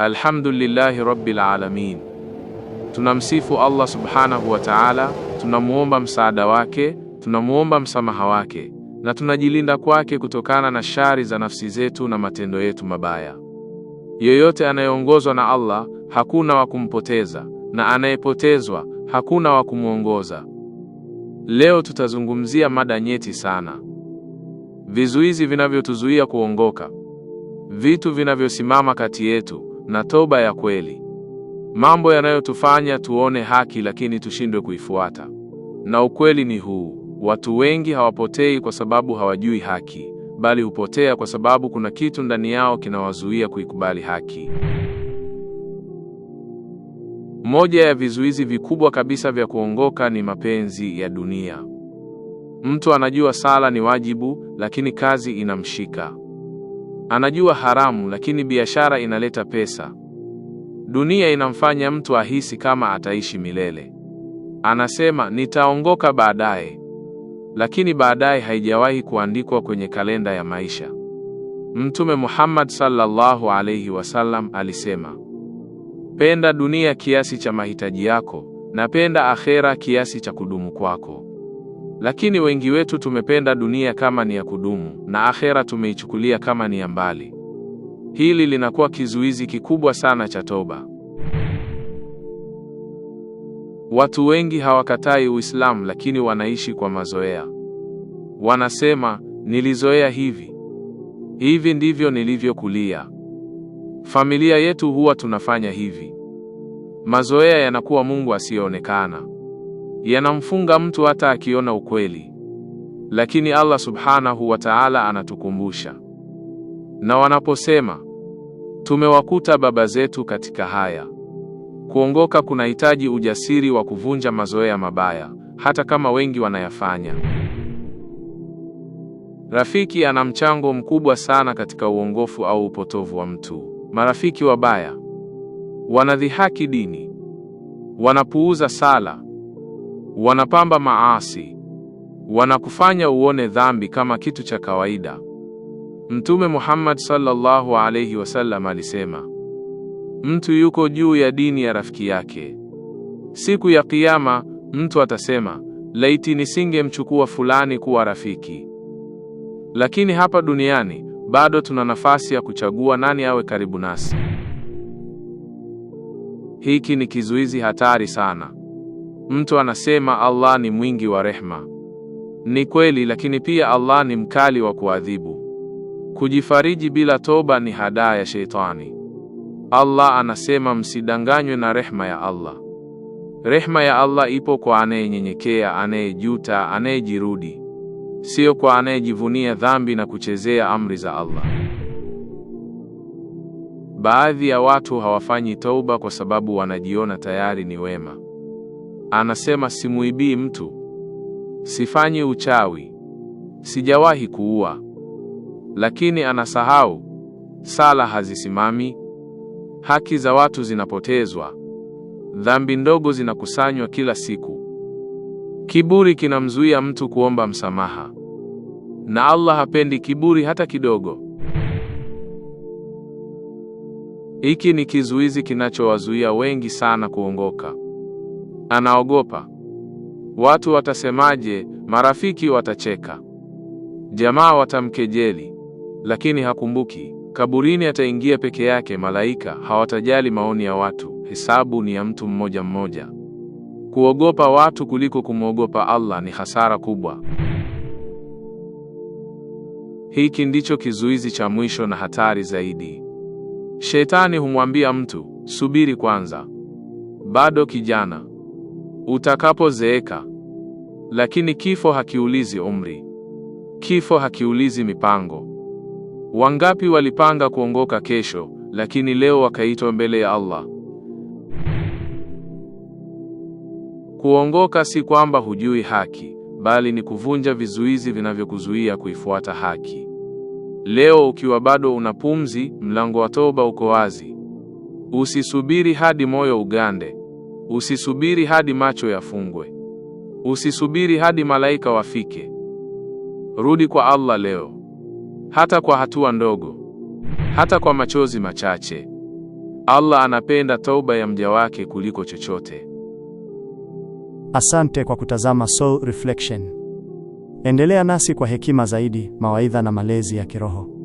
Alhamdulillahi rabbil alamin, tunamsifu Allah subhanahu wa ta'ala, tunamuomba msaada wake, tunamuomba msamaha wake na tunajilinda kwake kutokana na shari za nafsi zetu na matendo yetu mabaya. Yeyote anayeongozwa na Allah hakuna wa kumpoteza na anayepotezwa hakuna wa kumwongoza. Leo tutazungumzia mada nyeti sana: vizuizi vinavyotuzuia kuongoka, vitu vinavyosimama kati yetu na toba ya kweli, mambo yanayotufanya tuone haki lakini tushindwe kuifuata. Na ukweli ni huu: watu wengi hawapotei kwa sababu hawajui haki, bali hupotea kwa sababu kuna kitu ndani yao kinawazuia kuikubali haki. Moja ya vizuizi vikubwa kabisa vya kuongoka ni mapenzi ya dunia. Mtu anajua sala ni wajibu, lakini kazi inamshika. Anajua haramu, lakini biashara inaleta pesa. Dunia inamfanya mtu ahisi kama ataishi milele. Anasema nitaongoka baadaye, lakini baadaye haijawahi kuandikwa kwenye kalenda ya maisha. Mtume Muhammad sallallahu alayhi wasallam alisema, penda dunia kiasi cha mahitaji yako na penda akhera kiasi cha kudumu kwako. Lakini wengi wetu tumependa dunia kama ni ya kudumu na akhera tumeichukulia kama ni ya mbali. Hili linakuwa kizuizi kikubwa sana cha toba. Watu wengi hawakatai Uislamu, lakini wanaishi kwa mazoea. Wanasema nilizoea hivi, hivi ndivyo nilivyokulia, familia yetu huwa tunafanya hivi. Mazoea yanakuwa Mungu asiyeonekana yanamfunga mtu hata akiona ukweli, lakini Allah subhanahu wa ta'ala anatukumbusha. Na wanaposema tumewakuta baba zetu katika haya, kuongoka kunahitaji ujasiri wa kuvunja mazoea mabaya, hata kama wengi wanayafanya. Rafiki ana mchango mkubwa sana katika uongofu au upotovu wa mtu. Marafiki wabaya wanadhihaki dini, wanapuuza sala wanapamba maasi, wanakufanya uone dhambi kama kitu cha kawaida. Mtume Muhammad sallallahu alayhi wasallam alisema, mtu yuko juu ya dini ya rafiki yake. Siku ya Kiyama mtu atasema, laiti nisingemchukua fulani kuwa rafiki. Lakini hapa duniani bado tuna nafasi ya kuchagua nani awe karibu nasi. Hiki ni kizuizi hatari sana. Mtu anasema Allah ni mwingi wa rehma. Ni kweli, lakini pia Allah ni mkali wa kuadhibu. Kujifariji bila toba ni hadaa ya sheitani. Allah anasema msidanganywe na rehma ya Allah. Rehma ya Allah ipo kwa anayenyenyekea, anayejuta, anayejirudi, sio kwa anayejivunia dhambi na kuchezea amri za Allah. Baadhi ya watu hawafanyi toba kwa sababu wanajiona tayari ni wema. Anasema simuibii mtu, sifanyi uchawi, sijawahi kuua. Lakini anasahau sala hazisimami, haki za watu zinapotezwa, dhambi ndogo zinakusanywa kila siku. Kiburi kinamzuia mtu kuomba msamaha, na Allah hapendi kiburi hata kidogo. Hiki ni kizuizi kinachowazuia wengi sana kuongoka. Anaogopa watu watasemaje, marafiki watacheka, jamaa watamkejeli, lakini hakumbuki kaburini ataingia peke yake. Malaika hawatajali maoni ya watu, hesabu ni ya mtu mmoja mmoja. Kuogopa watu kuliko kumwogopa Allah ni hasara kubwa. Hiki ndicho kizuizi cha mwisho na hatari zaidi. Shetani humwambia mtu, subiri kwanza, bado kijana, utakapozeeka. Lakini kifo hakiulizi umri, kifo hakiulizi mipango. Wangapi walipanga kuongoka kesho, lakini leo wakaitwa mbele ya Allah. Kuongoka si kwamba hujui haki, bali ni kuvunja vizuizi vinavyokuzuia kuifuata haki. Leo ukiwa bado una pumzi, mlango wa toba uko wazi. Usisubiri hadi moyo ugande, Usisubiri hadi macho yafungwe. Usisubiri hadi malaika wafike. Rudi kwa Allah leo, hata kwa hatua ndogo, hata kwa machozi machache. Allah anapenda toba ya mja wake kuliko chochote. Asante kwa kutazama Soul Reflection. Endelea nasi kwa hekima zaidi, mawaidha na malezi ya kiroho.